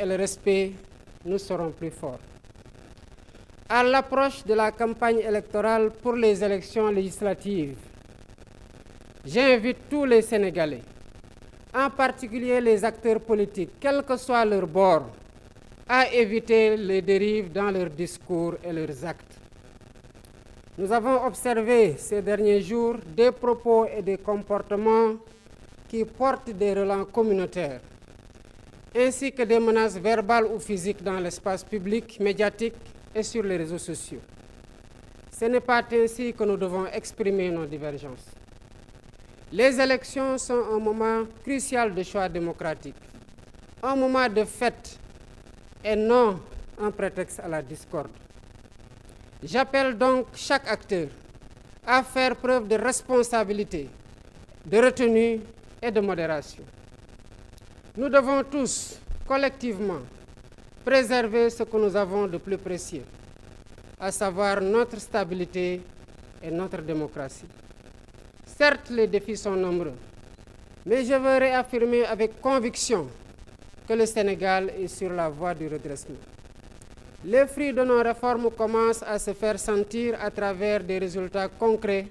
et le respect, nous serons plus forts. À l'approche de la campagne électorale pour les élections législatives, j'invite tous les Sénégalais, en particulier les acteurs politiques, quel que soit leur bord, à éviter les dérives dans leurs discours et leurs actes. Nous avons observé ces derniers jours des propos et des comportements qui portent des relents communautaires ainsi que des menaces verbales ou physiques dans l'espace public, médiatique et sur les réseaux sociaux. Ce n'est pas ainsi que nous devons exprimer nos divergences. Les élections sont un moment crucial de choix démocratique, un moment de fête et non un prétexte à la discorde. J'appelle donc chaque acteur à faire preuve de responsabilité, de retenue et de modération. Nous devons tous, collectivement, préserver ce que nous avons de plus précieux, à savoir notre stabilité et notre démocratie. Certes, les défis sont nombreux, mais je veux réaffirmer avec conviction que le Sénégal est sur la voie du redressement. Les fruits de nos réformes commencent à se faire sentir à travers des résultats concrets,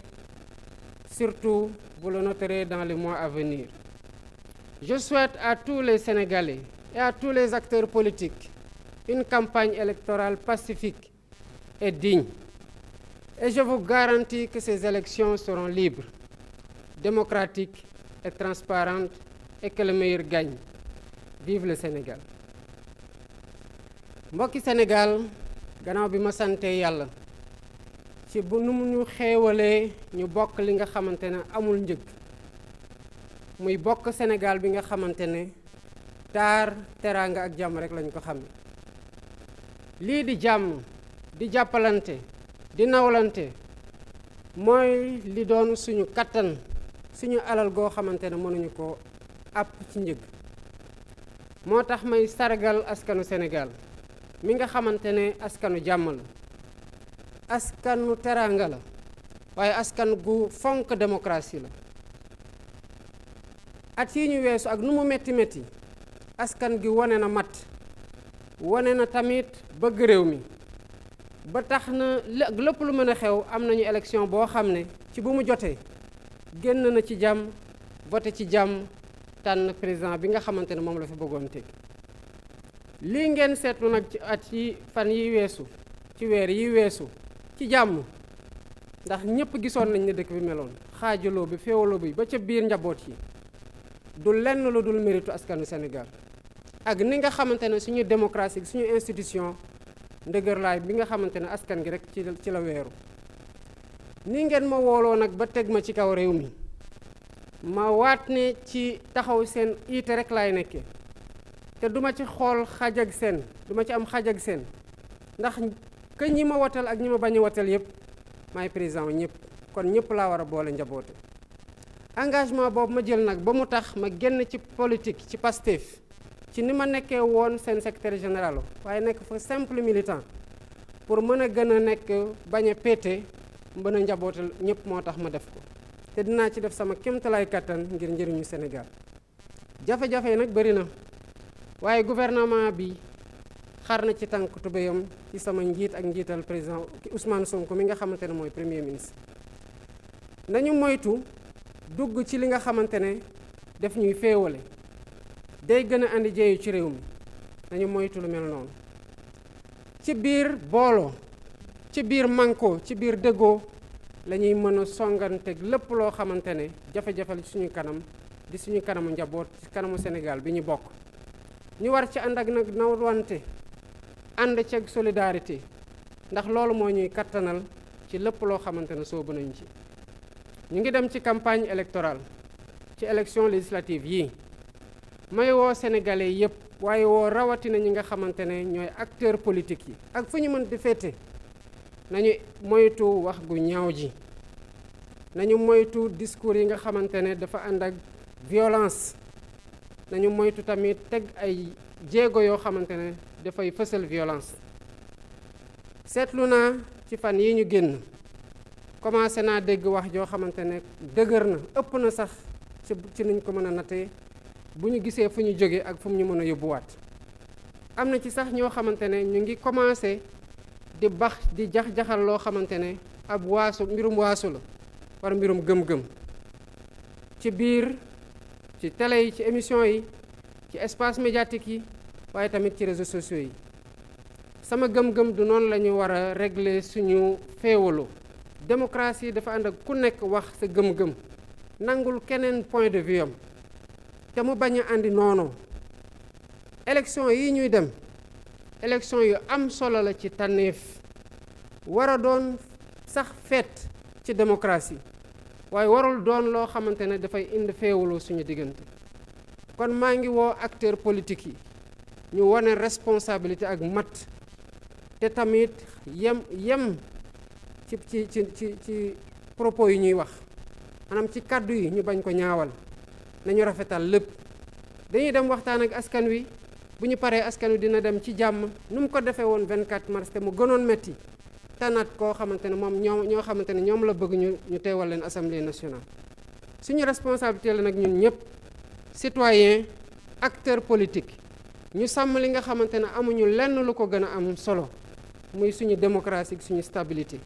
surtout, vous le noterez, dans les mois à venir. Je souhaite à tous les Sénégalais et à tous les acteurs politiques une campagne électorale pacifique et digne. Et je vous garantis que ces élections seront libres, démocratiques et transparentes et que le meilleur gagne. Vive le Sénégal. mbokki Sénégal gannaaw bi ma sante yàlla ci bu nu mu ñu xéewalee ñu bokk li nga xamante ne amul njëg muy bokk senegaal bi nga xamante ne taar teraanga ak jàmm rekk lañu ko xam lii di jàmm di jàppalante di nawlante mooy li doon suñu kattan suñu alal goo xamante ne mënuñu ko àpp ci njëg moo tax may sargal askanu Sénégal mi nga xamante ne askanu jàmm la askanu teraanga la waaye askan gu fonk démocratie la at yi ñu weesu ak nu mu métti métti askan gi wane na mat wane na tamit bëgg réew mi ba tax na lëpp lu mën a xew am nañu élection boo xam ne ci bu mu jotee génn na ci jàmm voté ci jàmm tànn président bi nga xamante ne moom la fi bëggoon teg lii ngeen seetlu nag ci at yi fan yi weesu ci weer yi weesu ci jàmm ndax ñëpp gisoon nañ ne dëkk bi meloon xaajaloo bi féewaloo bi ba ca biir njaboot yi du lenn lu dul méritu askanu Sénégal ak ni nga xamante ne suñu démocratie suñu institution ndëgërlaay bi nga xamante ne askan gi rek ci ci la weeru ni ngeen ma wooloo nag ba teg ma ci kaw réew mi ma waat ne ci taxaw seen iite rek laay nekke te duma ci xool xaj ak seen duma ci am xaj ak seen ndax ke ñi ma watal ak ñi ma bañ a watal yëpp maay président ñëpp kon ñëpp laa war a boole njaboote engagement boobu ma jël nag ba mu tax ma genn ci politique ci Pastef ci ni ma nekkee woon seen secrétaire général waaye nekk fa simple militant pour mën a gën a nekk bañ a péete mën a njabootal ñëpp moo tax ma def ko te dinaa ci def sama kéemtalaay kattan ngir njëriñu Sénégal jafe-jafe nag bëri na waaye gouvernement bi xar na ci tànk tubéyam ci sama njiit ak njiital président Ousmane Sonko mi nga xamante ne mooy premier ministre nañu moytu. dugg ci li nga xamante ne daf ñuy féewale day gën a andi jeeyu ci réew mi nañu moytu lu mel noonu ci biir booloo ci biir mànkoo ci biir dëggoo lañuy mën a songanteeg lépp loo xamante ne jafe-jafe la suñu kanam di suñu kanamu njaboot ci kanamu Sénégal bi ñu bokk ñu war ci ànd ak nag nawante ànd ceeg solidarité ndax loolu moo ñuy kattanal ci lépp loo xamante ne soobu nañ ci ñu ngi dem ci campagne électorale ci élection législative yii may woo sénégalais yépp waaye woo rawatina ñi nga xamante ne ñooy acteurs politiques yi ak fu ñu mën di féete nañu moytu wax gu ñaaw ji nañu moytu discours yi nga xamante ne dafa ànd ak violence nañu moytu tamit teg ay jéego yoo xamante ne dafay fësal violence seetlu naa ci fan yi ñu génn commencé naa dégg wax joo xamante ne dëgër na ëpp na sax ci ci ko mën a nattee bu ñu gisee fu ñu jóge ak fu ñu mën a yóbbuwaat am na ci sax ñoo xamante ne ñu ngi commencé di bax di jax-jaxal loo xamante ne ab waasu mbirum waasu la war mbirum gëm-gëm ci biir ci télé yi ci émission yi ci espace médiatique yi waaye tamit ci réseaux sociaux yi sama gëm-gëm du noonu la ñu war a régler suñu féewaloo démocratie dafa ànd ak ku nekk wax sa gëm-gëm nangul keneen point de vue am te mu bañ a andi noonu élection yi ñuy dem élection yu am solo la ci tànneef war a doon sax feet ci démocratie waaye warul doon loo xamante ne dafay indi féewaloo suñu diggante kon maa ngi woo acteur politique yi ñu wane responsabilité ak mat te tamit yem yem ci ci ci ci ci propos yi ñuy wax maanaam ci kàddu yi ñu bañ ko ñaawal nañu rafetal lépp dañuy dem waxtaan ak askan wi bu ñu paree askan wi dina dem ci jàmm nu mu ko defee woon 24 mars te mu gënoon métti tànnaat koo xamante ne moom ñoo ñoo xamante ne ñoom la bëgg ñu teewal leen assemblée nationale suñu responsabilité la nag ñun ñëpp citoyen acteur politique ñu sàmm li nga xamante ne amuñu lenn lu ko gën a am solo muy suñu démocratie suñu stabilité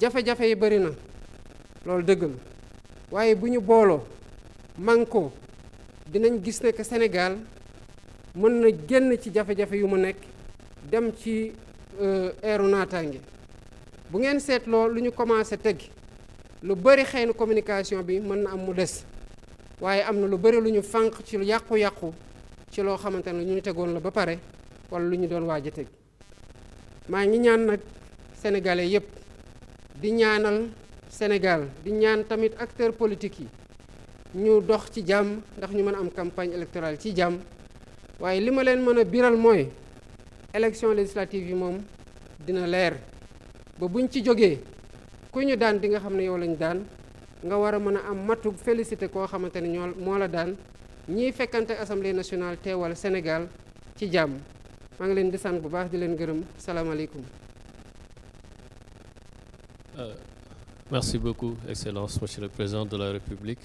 jafe-jafe yi bëri na loolu dëgg la waaye bu ñu booloo mànkoo dinañ gis ne que Sénégal mën na génn ci jafe-jafe yu mu nekk dem ci euh, eeru naataange bu ngeen seetloo lu ñu commencé teg lu bëri xëy na communication bi mën na am mu des waaye am na lu bëri lu ñu fànq ci lu yàqu-yàqu ci loo xamante ne lu ñu tegoon la ba pare wala lu ñu doon waaj a maa ngi ñaan nag sénégalais yépp di ñaanal Sénégal di ñaan tamit acteurs politiques yi ñu dox ci jàmm ndax ñu mën a am campagne électorale ci jàmm waaye li ma leen mën a biral mooy élection législative yi moom dina leer ba buñ ci jógee ku ñu daan di nga xam ne yow lañu daan nga war a mën a am matu félicité koo xamante ne ñoo moo la daan ñiy fekkante assemblée nationale teewal Sénégal ci jàmm maa ngi leen di sant bu baax di leen gërëm salaamaaleykum Euh, merci beaucoup excellence monsieur le de la république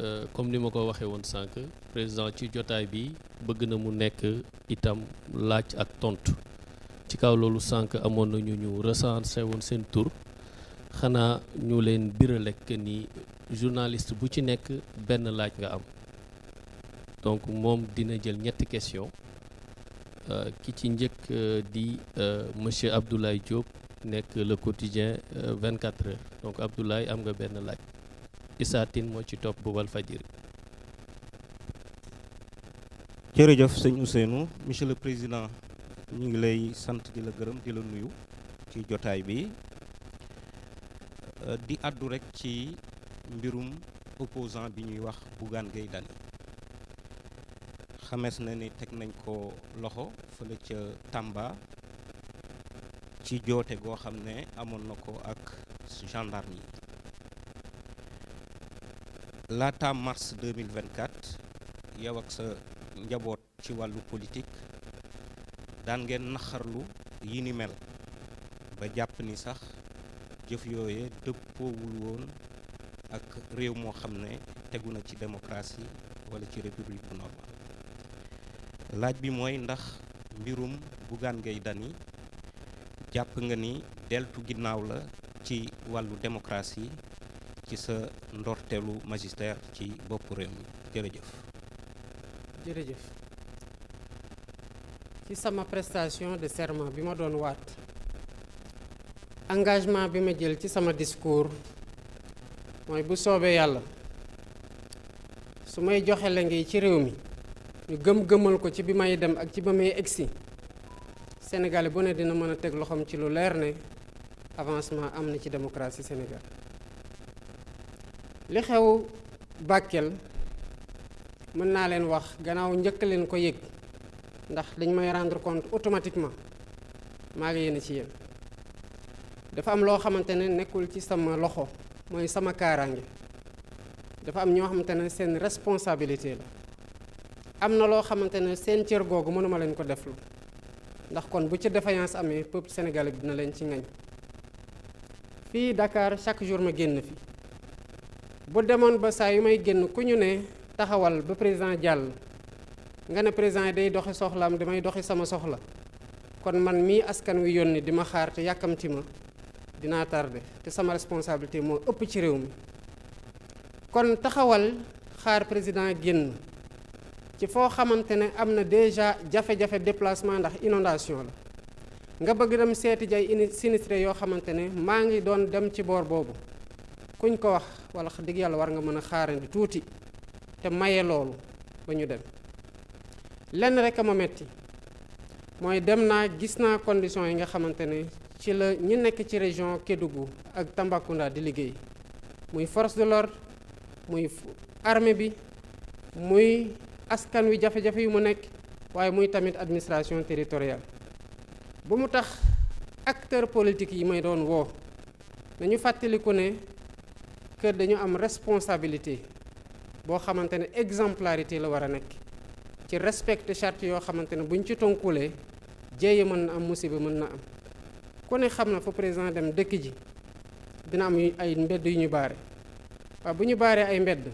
euh, comme ni ma ko waxee woon sànq président ci jotaay bi bëgg na mu nekk itam laaj ak tontu ci kaw loolu sànq amoon na ñu ñu recensé woon seen tur xanaa ñu leen biralek ni journaliste bu ci nekk benn laaj nga am donc moom dina jël ñetti question euh, ki ci njëkk euh, di euh, monsieur Abdoulaye Diop nekk le quotidien 24 euh, heures donc Abdoulaye am nga benn laaj Issa Tine moo ci topp bu Walfadjri jërëjëf sëñ Ousseynou monsieur le président ñu ngi lay sant di la gërëm di la nuyu ci jotaay bi euh, di àddu rekk ci mbirum opposant bi ñuy wax Bougane Gueye Dany xamees na ni teg nañ ko loxo fële ca Tamba ci joote goo xam ne amoon na ko ak gendarme yi laata mars 2024 yow ak sa njaboot ci wàllu politik daan ngeen naxarlu yi ni mel ba jàpp ni sax jëf yooye dëppoowul woon ak réew moo xam ne tegu na ci démocratie wala ci république bu normal laaj bi mooy ndax mbirum Bougane Gueye Dany jàpp nga ni deltu ginnaaw la ci wàllu démocratie ci sa ndorteelu magistère ci boppu réew mi jërëjëf jërëjëf ci sama prestation de serment bi ma doon waat engagement bi ma jël ci sama discours mooy bu soobee yàlla su may joxe la ci réew mi ñu gëm-gëmal ko ci bi may dem ak ci ba may egsi Sénégalais bu ne dina mën a teg loxoom ci lu leer ne avancement am na ci démocratie Sénégal li xew Bakel mën naa leen wax gannaaw njëkk leen ko yëg ndax dañ may rendre compte automatiquement maa ngi yéen ci yéen dafa am loo xamante ne nekkul ci sama loxo mooy sama kaaraange dafa am ñoo xamante ne seen responsabilité la am na loo xamante ne seen cër googu mënuma leen ko deflu ndax kon bu ca défaillance amee peuple sénégalee bi dina leen ci ngañ fii dakaar chaque jour ma génn fi bu demoon ba saa yu may génn ku ñu ne taxawal ba président jàll nga ne président yi day doxi soxlaam damay doxi sama soxla kon man mii askan wi yónni di ma xaar te yàkkamti ma dinaa tardé te sama responsabilité moo ëpp ci réew mi kon taxawal xaar président génn ci foo xamante ne am na déjà jafe-jafe déplacement ndax inondation la nga bëgg dem seeti jay sinistré yoo xamante ne maa ngi doon dem ci boor boobu kuñ ko wax wala digg yàlla war nga mën a xaarandi tuuti te maye loolu ba ñu dem lenn rek a ma metti mooy dem naa gis naa conditions yi nga xamante ne ci la ñi nekk ci région Kédougou ak Tambacounda di liggéey muy force de l'ordre muy armée bi muy askan wi jafe-jafe yu mu nekk waaye muy tamit administration teritorial ba mu tax acteur politique yi may doon woo nañu fàttaliku ne kër dañu am responsabilité boo xamante ne exemplarité la war a nekk ci respecter charte yoo xamante ne buñ ci tonkulee jéeye mën na am musiba mën na am ku ne xam na fa président dem dëkk ji dina am ay mbedd yu ñu baare waaw bu ñu baaree ay mbedd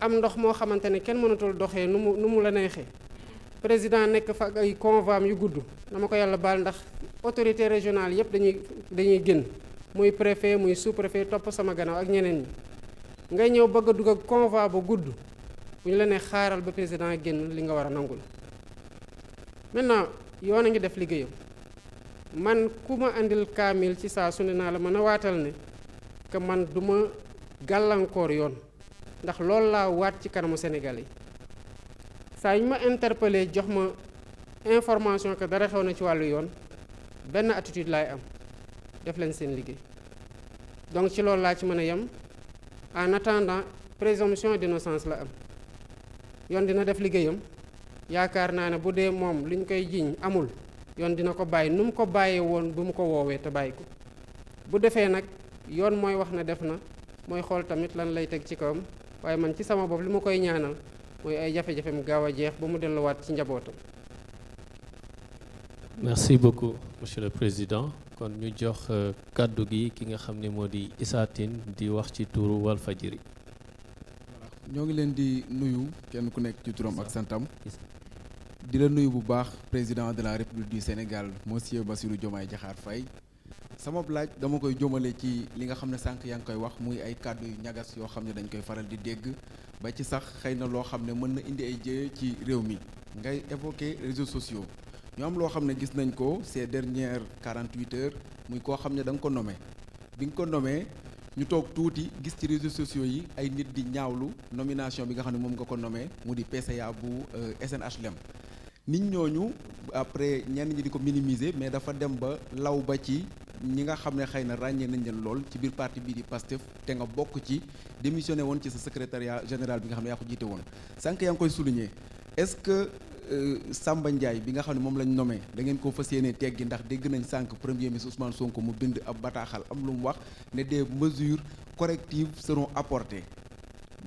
am ndox moo xamante ne kenn mënatul doxee nu mu nu mu la neexee président nekk fa ay convois yu gudd dama ko yàlla baal ndax autorité régionale yëpp dañuy dañuy génn muy préfet muy sous topp sama gannaaw ak ñeneen yi ngay ñëw bëgg a dugg ak convoi bu gudd bu ñu la nee xaaral ba président génn li nga war a nangul maintenant yoon a ngi def liggéeyam man ku ma indil kaamil ci saa su naa la mën a waatal ne que man du ma gàllankoor yoon ndax loolu laa waat ci kanamu Sénégal yi saa ñu ma interpellé jox ma information que dara xew na ci wàllu yoon benn atitude laay am def leen seen liggéey donc ci loolu laa ci mën a yem en attendant présomption d'innocence la am yoon dina def liggéeyam yaakaar naa ne bu dee moom lu ñu koy jiiñ amul yoon dina ko bàyyi nu mu ko bàyyee woon bi mu ko woowee te bàyyi ko bu defee nag yoon mooy wax na def na mooy xool tamit lan lay teg ci kawam waaye man ci sama bopp li ma koy ñaanal mooy ay jafe mu gaaw a jeex ba mu delluwaat ci njabootam. merci beaucoup monsieur le président kon ñu jox euh, kàddu gi ki nga xam ni moo di Issa di wax ci tuuru Walfadjri. ñoo ngi leen di nuyu kenn ku nekk ci turam ak santam. di la nuyu bu baax président de la république du Sénégal monsieur Bassirou Diomaye Diakhar fay sama laaj dama koy jëmale ci li nga xam ne sànq yaa ngi koy wax muy ay kàddu yu ñagas yoo xam ne dañ koy faral di dégg ba ci sax xëy na loo xam ne mën na indi ay jéye ci réew mi ngay évoquer réseau sociaux ñu am loo xam ne gis nañ ko ces dernières 48 heures muy koo xam ne da nga ko nommé bi nga ko nommé ñu toog tuuti gis ci réseau sociaux yi ay nit di ñaawlu nomination bi nga xam ne moom nga ko nommé mu di PCA bu euh, SNHLM nit ñooñu après ñenn ñi di ko minimiser mais dafa dem ba law ba ci ñi nga xam ne xëy na ràññee nañ leen lool ci biir partie bii di Pastef te nga bokk ci démissionné woon ci sa secretariat général bi nga xam ne yaa ko jiite woon sànq yaa ngi koy souligner est-ce que euh, Samba Ndiaye bi nga xam ne moom lañ nommé da ngeen ko fas yéene teggi ndax dégg nañ sànq premier ministre Ousmane Sonko mu bind ab bataaxal am lu mu wax ne des mesures correctives seront apportées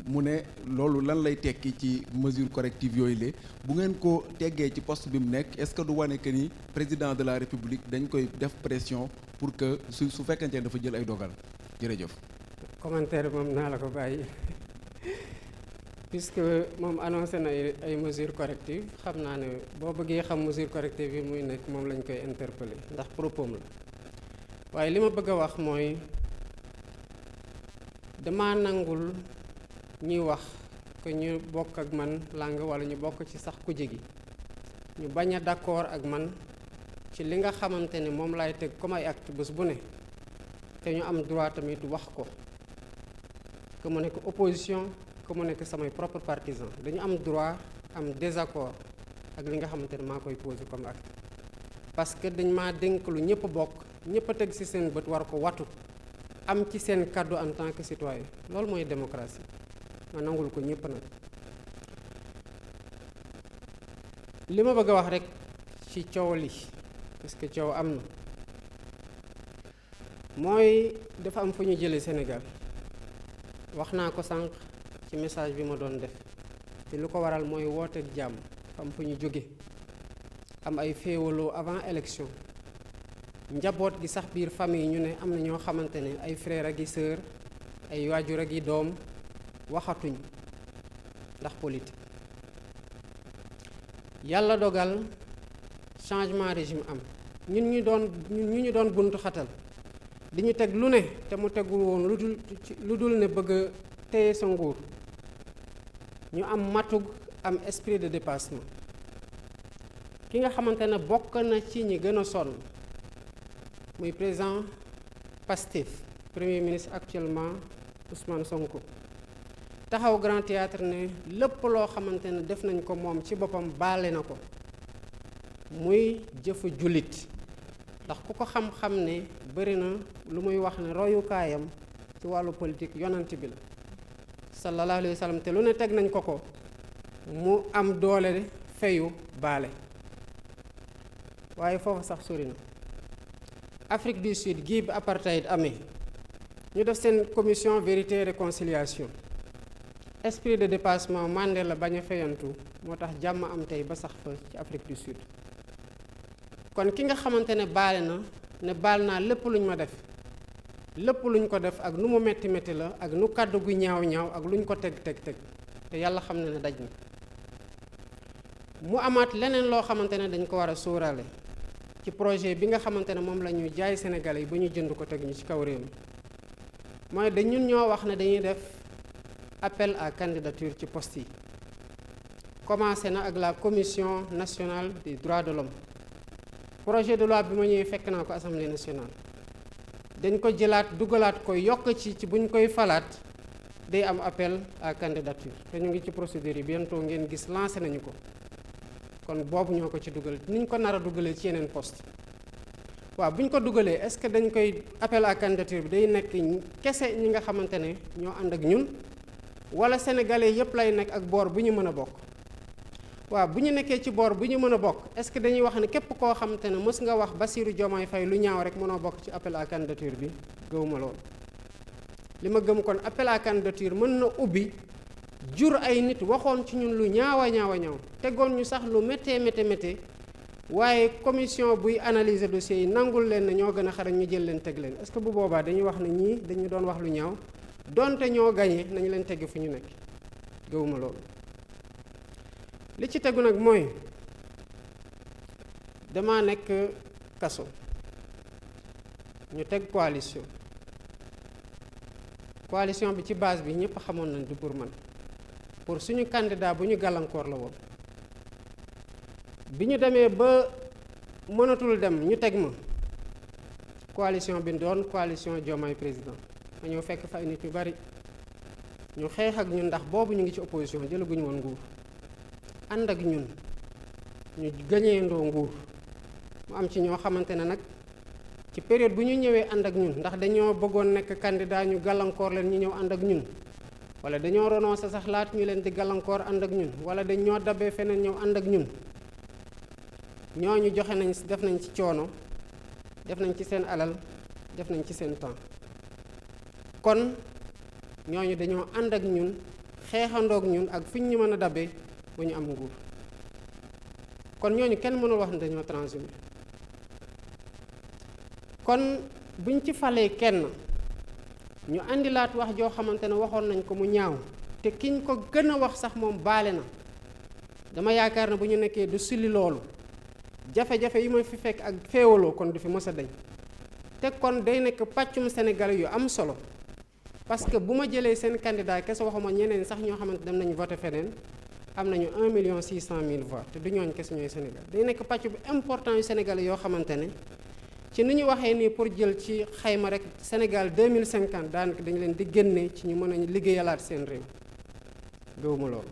mu ne loolu lan lay tekki ci mesures corrective yooyu la bu ngeen ko teggee ci poste bi mu nekk est-ce que du wane que ni président de la république dañ koy def pression pour que su su fekkente ne dafa jël ay dogal jërëjëf. commentaire moom naa la ko bàyyi puisque moom annoncé na ay mesures correctives xam naa ne boo bëggee xam mesures corrective yi muy nekk moom lañ koy interpeller ndax propos la waaye li ma bëgg a wax mooy dama nangul ñuy wax que ñu bokk ak man làng wala ñu bokk ci sax kuje gi ñu bañ a ak man. ci li nga xamante ne moom laay teg comme ay bés bu ne te ñu am droit tamit wax ko que mu nekk opposition que mu nekk samay propre partisan dañu am droit am désaccord ak li nga xamante ne maa koy posé comme acte parce que dañ maa dénk lu ñëpp bokk ñëpp a teg ci seen bët war ko watu am ci seen kàddu en tant que citoyen loolu mooy démocratie ma nangul ko ñëpp nag li ma bëgg a wax rek ci coow li parce que coow am na mooy dafa am fu ñu jëlee Sénégal wax naa ko sànq ci message bi ma doon def te lu ko waral mooy wooteeg jàmm dafa am fu ñu jóge am ay féewaloo avant élection njaboot gi sax biir famille ñu ne am na ñoo xamante ne ay frère ak i sœur ay waajur ak i doom waxatuñ ndax politique yàlla dogal changement régime am ñun ñu doon ñun ñu ñu doon buntu xatal di ñu teg lu ne te mu tegul woon lu dul lu dul ne bëgg a sa nguur ñu am matug am esprit de dépassement ki nga xamante ne bokk na ci ñi gën a sonn muy président Pastef premier ministre actuellement Ousmane Sonko taxaw Grand Théâtre ne lépp loo xamante ne def nañ ko moom ci boppam baale na ko muy jëfu jullit ndax ku ko xam-xam ne bëri na lu muy wax ne royukaayam ci wàllu politique yonant bi la sallallahu alayhi te lu ne teg nañ ko ko mu am doole feyu baale waaye foofu sax sori na Afrique du Sud gii bi apartheid amee ñu def seen commission vérité réconciliation esprit de dépassement la bañ a feyantu moo tax jàmm am tey ba sax fa ci Afrique du Sud kon ki nga xamante ne baale na ne baal naa lépp luñ ma def lépp luñ ko def ak nu mu metti metti la ak nu kàddu gu ñaaw ñaaw ak luñ ko teg teg teg te yàlla xam ne ne daj na mu amaat leneen loo xamante ne dañ ko war a sóoraale ci projet bi nga xamante ne moom la ñuy jaay Sénégalais yi ba ñu jënd ko teg ñu ci kaw réew mi mooy dañ ñoo wax ne dañuy def appel à candidature ci post yi commencé na ak la commission nationale des droits de l'homme projet de loi bi ma ñëwee fekk naa ko assemblée nationale dañ ko jëlaat dugalaat ko yokk ci ci bu ñu koy falaat day am appel à candidature te ñu ngi ci procédure yi bientôt ngeen gis lancé nañu ko kon boobu ñoo ko ci dugal ni ko nar a dugalee ci yeneen post waaw bu ñu ko dugalee est-ce que dañ koy appel à candidature bi day nekk kese ñi nga xamante ne ñoo ànd ak ñun wala sénégalais yépp lay nekk ak boor bu ñu mën a bokk waaw bu ñu nekkee ci boor bu ñu mën a bokk est-ce que dañuy wax ne képp koo xam te ne mës nga wax Bassirou Diomaye fay lu ñaaw rek mënoo bokk ci appel à candidature bi gëwuma loolu li ma gëm kon appel à candidature mën na ubbi jur ay nit waxoon ci ñun lu ñaawa ñaawa ñaaw tegoon ñu sax lu méttee méttee méttee waaye commission buy analyser dossier yi nangul leen ne ñoo gën a xarañ ñu jël leen teg leen est que bu boobaa dañuy wax ne ñii dañu doon wax lu ñaaw donte ñoo gañee nañu leen tegg fu ñu nekk gëwuma loolu li ci tegu nag mooy dama nekk kaso ñu teg coalition coalition bi ci base bi ñëpp xamoon nañ du pour man pour suñu candidat bu ñu gàllankoor la woon bi ñu demee ba mënatul dem ñu teg ma coalition bi doon coalition Diomaye président ma ñëw fekk fa nit yu bari ñu xeex ak ñu ndax boobu ñu ngi ci opposition jëlaguñu woon nguur ànd ak ñun ñu gañeendoo nguur mu am ci ñoo xamante ne nag ci période bu ñu ñëwee ànd ak ñun ndax dañoo bëggoon nekk candidat ñu gàllankoor leen ñu ñëw ànd ak ñun wala dañoo renoncé sax laat ñu leen di gàllankoor ànd ak ñun wala dañ dabe feneen ñëw ànd ak ñun ñooñu joxe nañ def nañ ci coono def nañ ci seen alal def nañ ci seen temps kon ñooñu dañoo ànd ak ñun xeexandoog ñun ak fiñ ñu mën a dabe ba ñu am nguur kon ñooñu kenn mënul wax ne dañoo transhumé kon buñ ci falee kenn ñu àndilaat wax joo xamante ne waxoon nañ ko mu ñaaw te kiñ ko gën a wax sax moom baale na dama yaakaar ne bu ñu nekkee du sulli loolu jafe-jafe yi ma fi fekk ak féewaloo kon du fi mës a te kon day nekk pàccum Sénégal yu am solo parce que bu ma jëlee seen candidat kese waxuma ñeneen sax ñoo xamante dem nañu voté feneen am nañu 1 million cent mille voix te du ñooñ kes ñooy Sénégal day nekk pàcc bu important yu Sénégal yoo xamante ne ci ni ñu waxee nii pour jël ci xayma rek Sénégal 2050 daanaka dañu leen di génne ci ñu mën nañu liggéeyalaat seen réew gëwuma loolu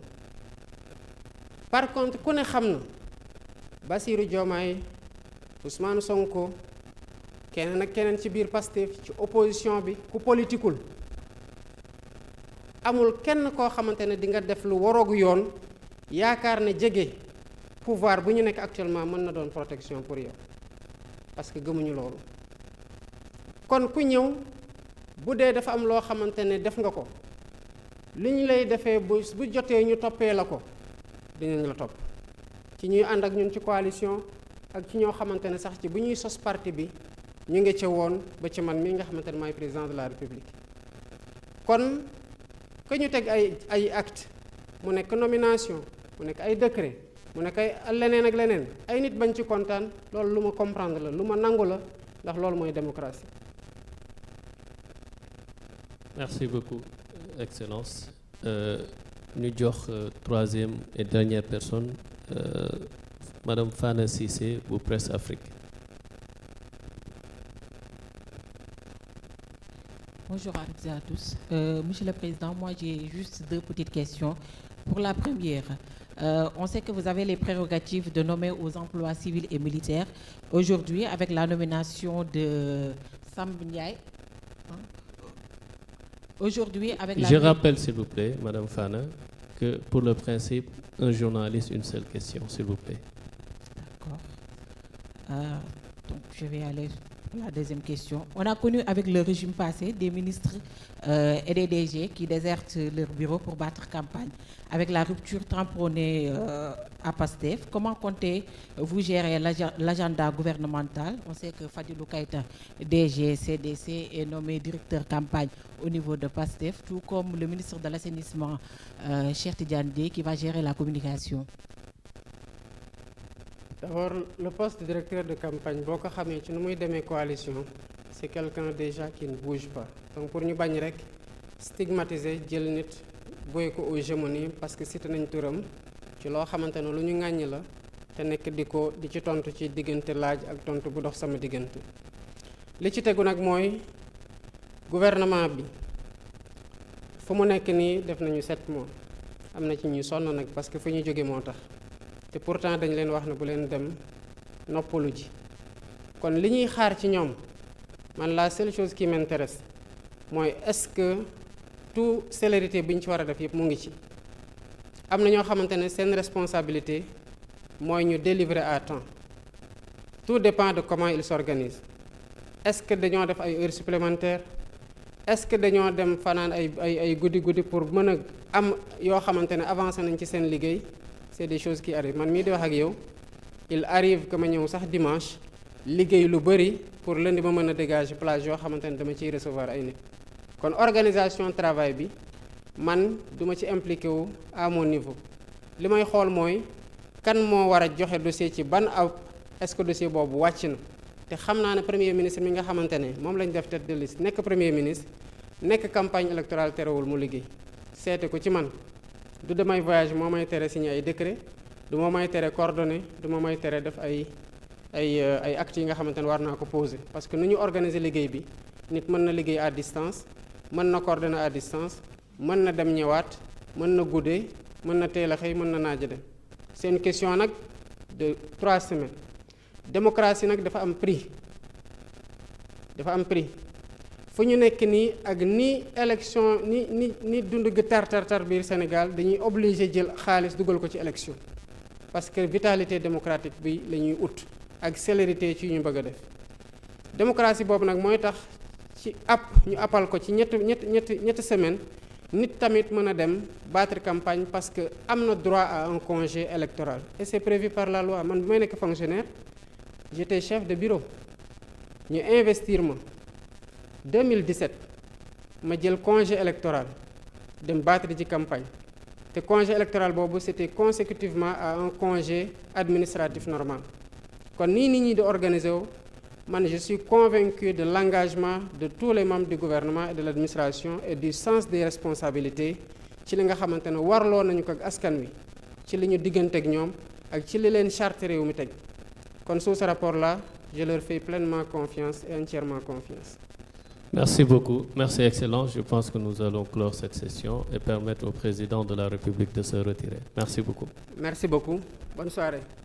par contre ku ne xam na Bassirou Diomaye Ousmane Sonko keneen ak keneen ci biir Pastef ci opposition bi ku politikul amul kenn koo xamante ne dinga def lu waroog yoon yaakaar ne jege pouvoir bu ñu nekk actuellement mën na doon protection pour yow parce que gëmuñu loolu kon ku ñëw bu dee dafa am loo xamante ne def nga ko li ñu lay defee bu bu jotee ñu toppee la ko dinañ la topp ci ñuy ànd ak ñun ci coalition ak ci ñoo xamante ne sax ci bu ñuy sos parti bi ñu ngi ca woon ba ci man mii nga xamante ne maay président de la république kon ku ñu teg ay ay acte mu nekk nomination mu nekk ay décret mu nekk ay leneen ak leneen ay nit bañ ci kontaan loolu lu ma comprendre la lu ma nangu la ndax loolu mooy démocratie. merci beaucoup excellence euh, ñu jox euh, troisième et dernière personne euh, madame Fana Cissé bu Presse Afrique. Bonjour à toutes et à tous. Euh, Monsieur le Président, moi j'ai juste deux pour la première, euh, on sait que vous avez les prérogatives de nommer aux emplois civils et militaires. Aujourd'hui, avec la nomination de Sam Ndiaye, Aujourd'hui, avec la... le principe, un journaliste, une seule question, s'il vous plaît. D'accord. Euh, je vais aller La deuxième question. On a connu avec le régime passé des ministres euh, et des DG qui désertent leur bureau pour battre campagne. Avec la rupture tamponnée euh, à PASTEF, comment comptez-vous gérer l'agenda gouvernemental On sait que Fadilou Kaïta, DG, CDC, est nommé directeur campagne au niveau de PASTEF, tout comme le ministre de l'assainissement, euh, Cher qui va gérer la communication. d'abord le poste de directeur de campagne boo ko xamee ci nu muy demee coalition c'est quelqu'un déjà qui ne bouge pas donc pour ñu bañ rek stigmatiser jël nit booy ko au gémoni parce que cité nañ turam ci loo xamante ne lu ñu ŋàññi la te nekk di ko di ci tontu ci diggante laaj ak tontu bu ndox sama diggante li ci tegu nag mooy gouvernement bi fu mu nekk nii def nañu set mois am na ci ñuy sonn nag parce que fu ñu jóge moo tax te pourtant dañu leen wax ne bu leen dem noppalu ji kon li ñuy xaar ci ñoom man la seule chose qui m'intéresse mooy est-ce que tout célérité bi ñu ci war a def yëpp mu ngi ci am na ñoo xamante ne seen responsabilité mooy ñu délivrer à temps tout dépend de comment ils s'organisent est-ce que dañoo def ay heures supplémentaires est-ce que dañoo dem fanaan ay ay ay guddi guddi pour mën a am yoo xamante ne avancé nañ ci seen liggéey c'est des choses qui arrivent man mii di wax ak yow il arrive que ma ñëw sax dimanche liggéey lu bëri pour lundi ma mën a dégager plage yoo xamante ne dama ciy recevoir ay nit kon organisation travail bi man duma ci impliqué wu à niveau li may xool mooy kan moo war a joxe dossier ci ban ab est-ce boobu wàcc na te xam naa ne premier ministre mi nga xamante ne moom lañ def tête de nekk premier ministre nekk campagne électorale terewul mu liggéey seete ko ci man du damay voyage moo may tere signé ay décret du moo may tere coordonné du moo may tere def ay ay euh, ay actes yi nga xamante ne war naa ko poser parce que nu ñu organiser liggéey bi nit mën na liggéey à distance mën na coordonner à distance mën na dem ñëwaat mën na guddee mën na teel a xëy mën na naaja dem seen question nag de trois semaines démocratie nag dafa am prix dafa am prix fu ñu nekk nii ak ni élection ni ni ni dund gi tar tar tar biir Sénégal dañuy obligé jël xaalis dugal ko ci élection parce que vitalité démocratique bi la ñuy ut ak célérité ci ñu bëgg a def démocratie boobu nag mooy tax ci app ñu appal ko ci ñett ñett ñett ñetti semaine nit tamit mën a dem battre campagne parce que am na droit à un congé électoral et c'est prévu par la loi man bu may nekk fonctionnaire j'étais chef de bureau ñu investir ma 2017 ma jël congé électoral dem battre ci campagne te congé électoral boobu c'était consécutivement a un congé administratif normal kon nii nii ñi di organiser wu man je suis convaincu de l'engagement de tous les membres du gouvernement et de l'administration et du sens des responsabilité ci li nga xamante ne warloo nañu ko ak askan wi ci li ñu diggante ak ñoom ak ci li leen charte réew mi teg kon sous rapport la je leur fais pleinement confiance et entièrement Merci beaucoup. Merci, Excellence. Je pense que nous allons clore cette session et permettre au président de la République de se retirer. Merci beaucoup. Merci beaucoup. Bonne soirée.